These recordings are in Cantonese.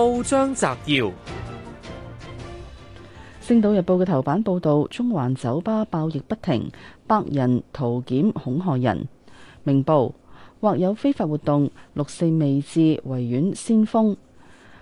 報章摘要：星島日報嘅頭版報道，中環酒吧爆疫不停，百人圖檢恐吓人；明報或有非法活動，六四未至，維園先鋒。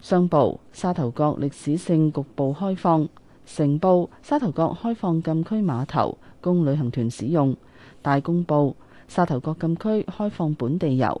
商報沙頭角歷史性局部開放，成報沙頭角開放禁區碼頭供旅行團使用，大公報沙頭角禁區開放本地遊。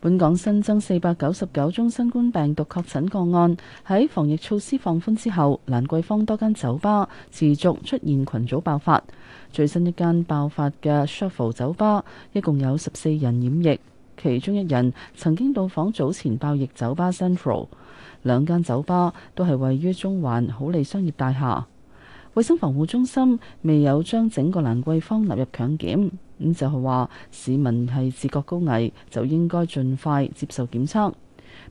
本港新增四百九十九宗新冠病毒確診個案，喺防疫措施放寬之後，蘭桂坊多間酒吧持續出現群組爆發。最新一間爆發嘅 Shuffle 酒吧，一共有十四人染疫，其中一人曾經到訪早前爆疫酒吧 Central。兩間酒吧都係位於中環好利商業大廈。衞生防護中心未有將整個蘭桂坊納入強檢，咁就係話市民係自覺高危，就應該盡快接受檢測。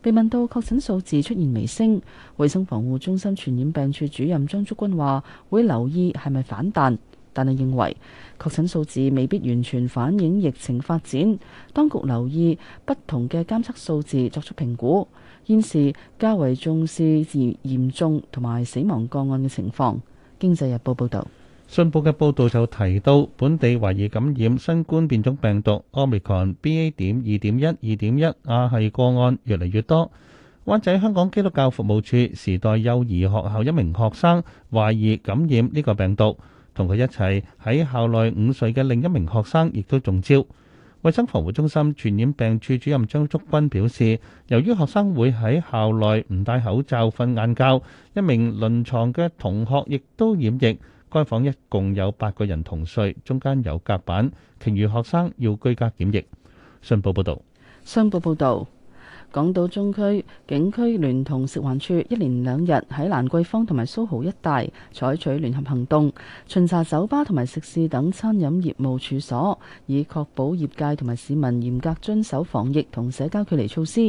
被問到確診數字出現微升，衞生防護中心傳染病處主任張竹君話：會留意係咪反彈，但係認為確診數字未必完全反映疫情發展。當局留意不同嘅監測數字作出評估，現時較為重視嚴重同埋死亡個案嘅情況。經濟日報報道，信報嘅報道就提到，本地懷疑感染新冠變種病毒 Omicron BA. 點二點一二點一亞系個案越嚟越多。灣仔香港基督教服務處時代幼兒學校一名學生懷疑感染呢個病毒，同佢一齊喺校內五歲嘅另一名學生亦都中招。衛生防護中心傳染病處主任張竹君表示，由於學生會喺校內唔戴口罩瞓晏覺，一名鄰床嘅同學亦都染疫，該房一共有八個人同睡，中間有隔板，其餘學生要居家檢疫。信報報道。信報報道。港島中區警區聯同食環署一連兩日喺蘭桂坊同埋蘇豪一帶採取聯合行動，巡查酒吧同埋食肆等餐飲業務處所，以確保業界同埋市民嚴格遵守防疫同社交距離措施。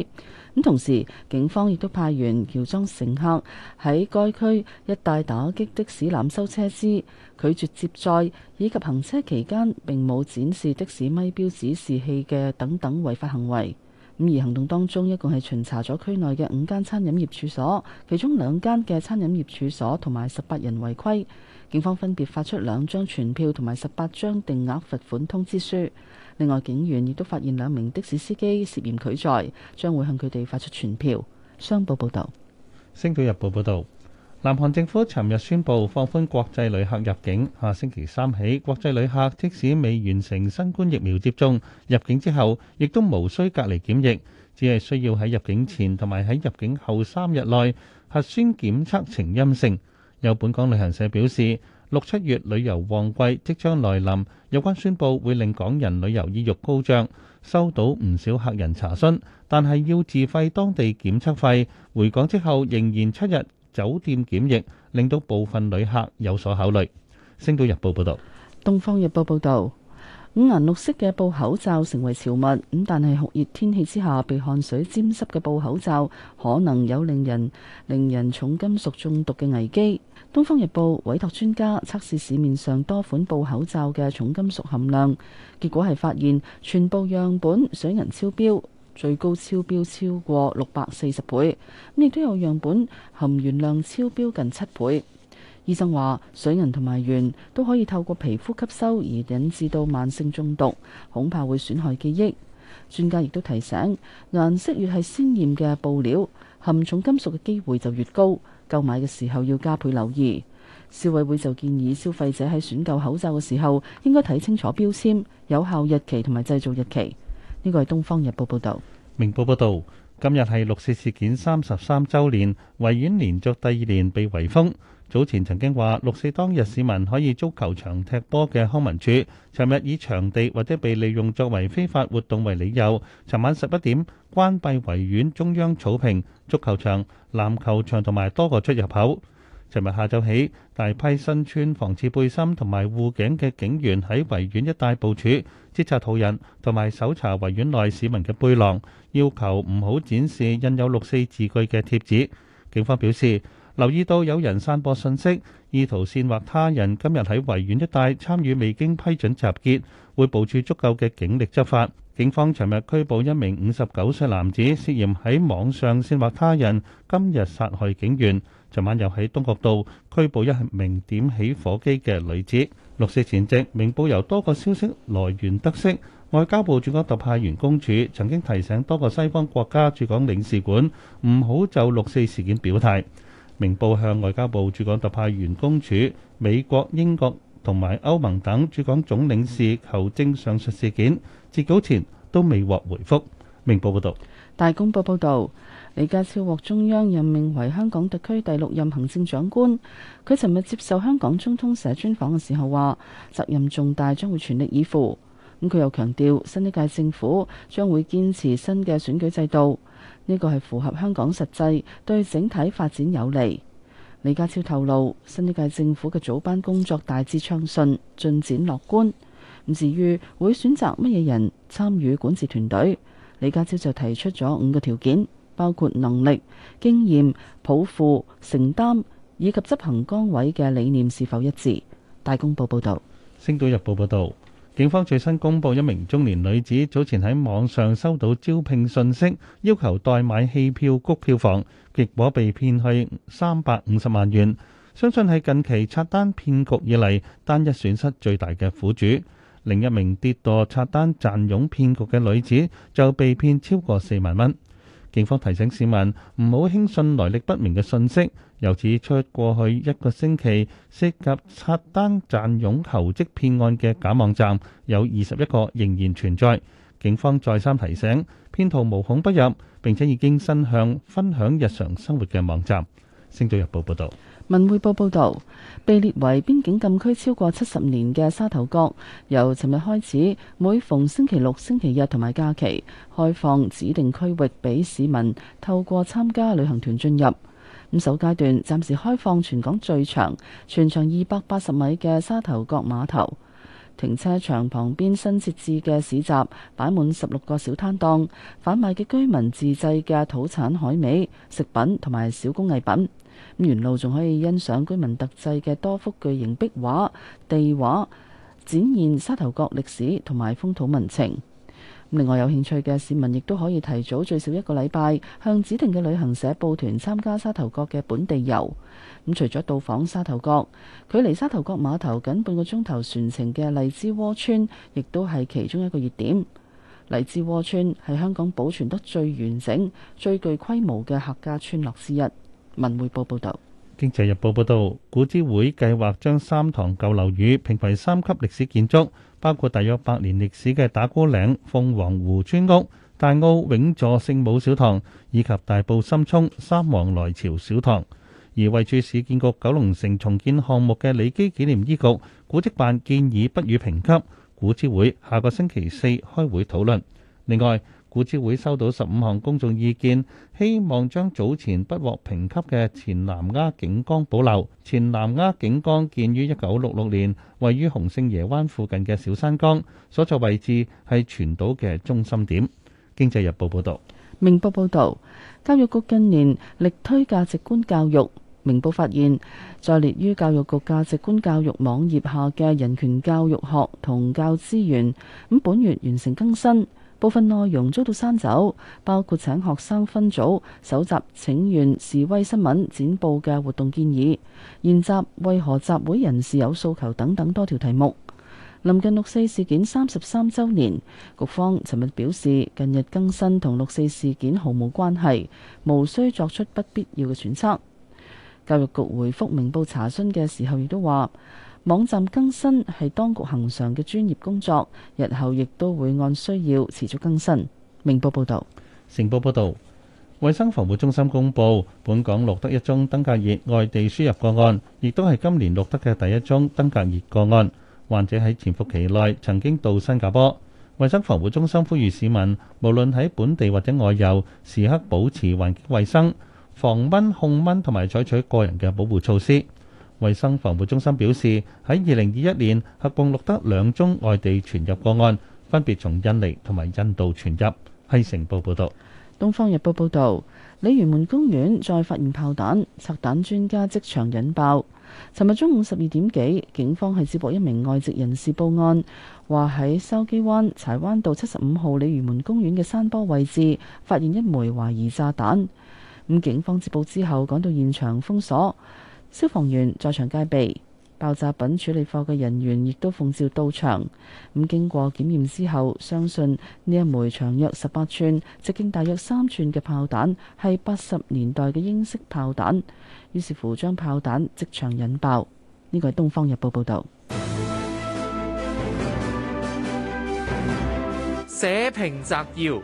咁同時，警方亦都派員喬裝乘客喺該區一帶打擊的士濫收車資、拒絕接載以及行車期間並冇展示的士咪標指示器嘅等等違法行為。咁而行動當中，一共係巡查咗區內嘅五間餐飲業處所，其中兩間嘅餐飲業處所同埋十八人違規，警方分別發出兩張傳票同埋十八張定額罰款通知書。另外，警員亦都發現兩名的士司機涉嫌拒載，將會向佢哋發出傳票。商報報道。星島日報報道。南韓政府尋日宣布放寬國際旅客入境，下星期三起，國際旅客即使未完成新冠疫苗接種，入境之後亦都無需隔離檢疫，只係需要喺入境前同埋喺入境後三日內核酸檢測呈陰性。有本港旅行社表示，六七月旅遊旺季即將來臨，有關宣布會令港人旅遊意欲高漲，收到唔少客人查詢，但係要自費當地檢測費，回港之後仍然七日酒店檢疫令到部分旅客有所考慮。星島日報報道，東方日報報道，五顏六色嘅布口罩成為潮物。咁但係酷熱天氣之下，被汗水沾濕嘅布口罩可能有令人令人重金屬中毒嘅危機。東方日報委託專家測試市面上多款布口罩嘅重金屬含量，結果係發現全部樣本水銀超標。最高超標超過六百四十倍，亦都有樣本含鉛量超標近七倍。醫生話，水銀同埋鉛都可以透過皮膚吸收而引致到慢性中毒，恐怕會損害記憶。專家亦都提醒，顏色越係鮮豔嘅布料，含重金屬嘅機會就越高。購買嘅時候要加倍留意。消委會就建議消費者喺選購口罩嘅時候，應該睇清楚標籤、有效日期同埋製造日期。呢個係《東方日報》報導，《明報》報導，今日係六四事件三十三週年，維園連續第二年被圍封。早前曾經話六四當日市民可以足球場踢波嘅康文署，尋日以場地或者被利用作為非法活動為理由，尋晚十一點關閉維園中央草坪、足球場、籃球場同埋多個出入口。尋日下晝起，大批身穿防刺背心同埋護頸嘅警員喺維園一帶部署。搜查途人同埋搜查維園內市民嘅背囊，要求唔好展示印有六四字句嘅貼紙。警方表示留意到有人散播信息，意圖煽惑他人今日喺維園一帶參與未經批准集結，會部署足夠嘅警力執法。警方尋日拘捕一名五十九歲男子，涉嫌喺網上煽惑他人今日殺害警員。昨晚又喺東角道拘捕一名點起火機嘅女子。六四前夕，明報由多個消息來源得悉，外交部駐港特派員公署曾經提醒多個西方國家駐港領事館唔好就六四事件表態。明報向外交部駐港特派員公署、美國、英國同埋歐盟等駐港總領事求證上述事件，截稿前都未獲回覆。明報報道。大公報報道。李家超獲中央任命為香港特區第六任行政長官。佢尋日接受香港中通社專訪嘅時候話，責任重大，將會全力以赴。咁佢又強調，新一屆政府將會堅持新嘅選舉制度，呢個係符合香港實際，對整體發展有利。李家超透露，新一屆政府嘅組班工作大致暢順，進展樂觀。咁至於會選擇乜嘢人參與管治團隊，李家超就提出咗五個條件。包括能力、經驗、抱負、承擔以及執行崗位嘅理念是否一致。大公報報道。星島日報報道，警方最新公布一名中年女子早前喺網上收到招聘信息，要求代買戲票、谷票房，結果被騙去三百五十萬元。相信係近期刷單騙局以嚟單一損失最大嘅苦主。另一名跌墮刷單賺傭騙局嘅女子就被騙超過四萬蚊。警方提醒市民唔好輕信來歷不明嘅訊息。由此出過去一個星期涉及刷單賺傭求職騙案嘅假網站有二十一個仍然存在。警方再三提醒，騙徒無孔不入，並且已經伸向分享日常生活嘅網站。星島日報報道。文匯報報道，被列為邊境禁區超過七十年嘅沙頭角，由尋日開始，每逢星期六、星期日同埋假期，開放指定區域俾市民透過參加旅行團進入。咁首階段暫時開放全港最長、全長二百八十米嘅沙頭角碼頭。停車場旁邊新設置嘅市集，擺滿十六個小攤檔，販賣嘅居民自製嘅土產、海味、食品同埋小工藝品。沿路仲可以欣賞居民特製嘅多幅巨型壁畫、地畫，展現沙頭角歷史同埋風土民情。另外，有興趣嘅市民亦都可以提早最少一個禮拜向指定嘅旅行社報團參加沙頭角嘅本地遊。咁除咗到訪沙頭角，距離沙頭角碼頭僅半個鐘頭船程嘅荔枝窩村，亦都係其中一個熱點。荔枝窩村係香港保存得最完整、最具規模嘅客家村落之一。文匯報報道：《經濟日報》報道，古諮會計劃將三堂舊樓宇評為三級歷史建築。包括大約百年歷史嘅打鼓嶺鳳凰湖村屋、大澳永助聖母小堂，以及大埔深涌三王來朝小堂。而位處市建局九龍城重建項目嘅李基紀念醫局古蹟辦建議不予評級，古諮會下個星期四開會討論。另外，會召會收到十五項公眾意見，希望將早前不獲評級嘅前南丫警崗保留。前南丫警崗建於一九六六年，位於洪聖爺灣附近嘅小山崗，所在位置係全島嘅中心點。經濟日報報道：明報報道，教育局近年力推價值觀教育。明報發現，在列於教育局價值觀教育網頁下嘅人權教育學同教資源，咁本月完成更新。部分內容遭到刪走，包括請學生分組搜集請願示威新聞展報嘅活動建議、研習為何集會人士有訴求等等多條題目。臨近六四事件三十三週年，局方尋日表示，近日更新同六四事件毫無關係，無需作出不必要嘅揣測。教育局回覆明報查詢嘅時候亦都話。網站更新係當局恆常嘅專業工作，日後亦都會按需要持續更新。明報報導，成報報導，衛生防護中心公布，本港錄得一宗登革熱外地輸入個案，亦都係今年錄得嘅第一宗登革熱個案。患者喺潛伏期內曾經到新加坡。衛生防護中心呼籲市民，無論喺本地或者外遊，時刻保持環境衛生、防蚊控蚊同埋採取個人嘅保護措施。衛生防護中心表示，喺二零二一年合共錄得兩宗外地傳入個案，分別從印尼同埋印度傳入。《星城報》報道，《東方日報》報道，鯉魚門公園再發現炮彈，拆彈專家即場引爆。尋日中午十二點幾，警方係接獲一名外籍人士報案，話喺筲箕灣柴灣道七十五號鯉魚門公園嘅山坡位置發現一枚懷疑炸彈。咁警方接報之後趕到現場封鎖。消防員在場戒備，爆炸品處理課嘅人員亦都奉召到場。咁經過檢驗之後，相信呢一枚長約十八寸、直徑大約三寸嘅炮彈係八十年代嘅英式炮彈。於是乎，將炮彈即場引爆。呢個係《東方日報》報道。社評摘要。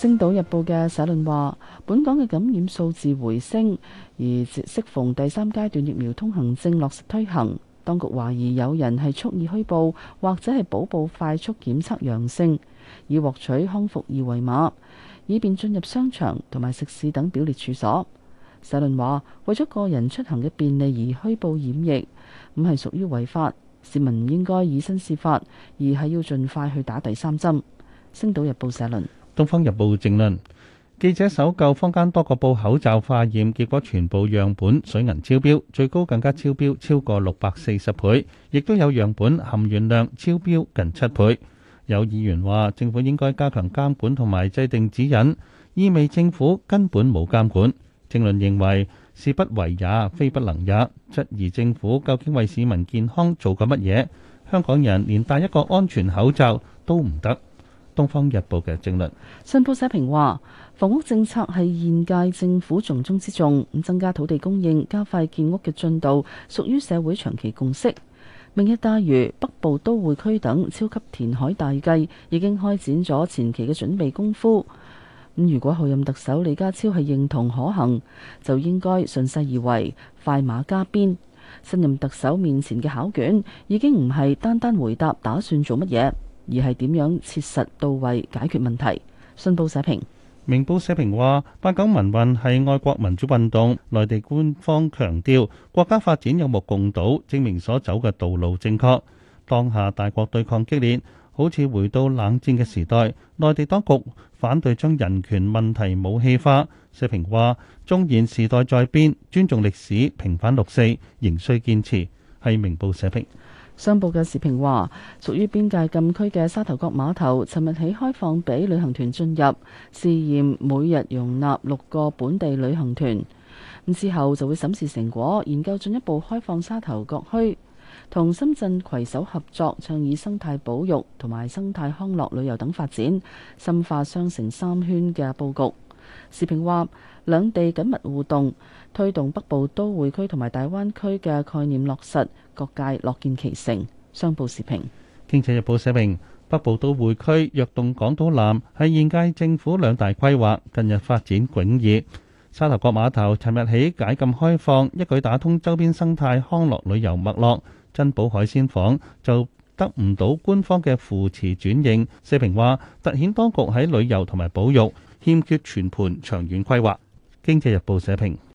《星島日報》嘅社論話，本港嘅感染數字回升，而適逢第三階段疫苗通行證落實推行，當局懷疑有人係蓄意虛報，或者係補報快速檢測陽性，以獲取康復二維碼，以便進入商場同埋食肆等表列處所。社論話，為咗個人出行嘅便利而虛報染疫，咁係屬於違法。市民應該以身試法，而係要盡快去打第三針。《星島日報》社論。《東方日報》政論記者搜購坊間多個報口罩，化驗結果，全部樣本水銀超標，最高更加超標超過六百四十倍，亦都有樣本含鉛量超標近七倍。有議員話：政府應該加強監管同埋制定指引，意味政府根本冇監管。政論認為是不為也，非不能也。質疑政府究竟為市民健康做過乜嘢？香港人連戴一個安全口罩都唔得。《東方日報》嘅正論，新報社評話：房屋政策係現屆政府重中之重，增加土地供應、加快建屋嘅進度，屬於社會長期共識。明日大嶼、北部都會區等超級填海大計已經開展咗前期嘅準備功夫。咁如果候任特首李家超係認同可行，就應該順勢而為，快馬加鞭。新任特首面前嘅考卷已經唔係單單回答打算做乜嘢。而係點樣切實到位解決問題？信報社評。明報社評話，八九民運係愛國民主運動，內地官方強調國家發展有目共睹，證明所走嘅道路正確。當下大國對抗激烈，好似回到冷戰嘅時代。內地當局反對將人權問題武器化。社評話，縱然時代在變，尊重歷史、平反六四仍需堅，堅持。係明報社評。商報嘅時評話，屬於邊界禁區嘅沙頭角碼頭，尋日起開放俾旅行團進入，試驗每日容納六個本地旅行團。咁之後就會審視成果，研究進一步開放沙頭角區，同深圳攜手合作，倡議生態保育同埋生態康樂旅遊等發展，深化雙城三圈嘅佈局。社評話，兩地緊密互動，推動北部都會區同埋大灣區嘅概念落實，各界樂見其成。商報社評。《經濟日報》社評：北部都會區躍動港島南係現屆政府兩大規劃，近日發展迥異。沙頭角碼頭尋日起解禁開放，一舉打通周邊生態康樂旅遊脈絡。珍寶海鮮舫就得唔到官方嘅扶持轉型。社評話，突顯當局喺旅遊同埋保育欠缺全盤長遠規劃，經濟日報社評。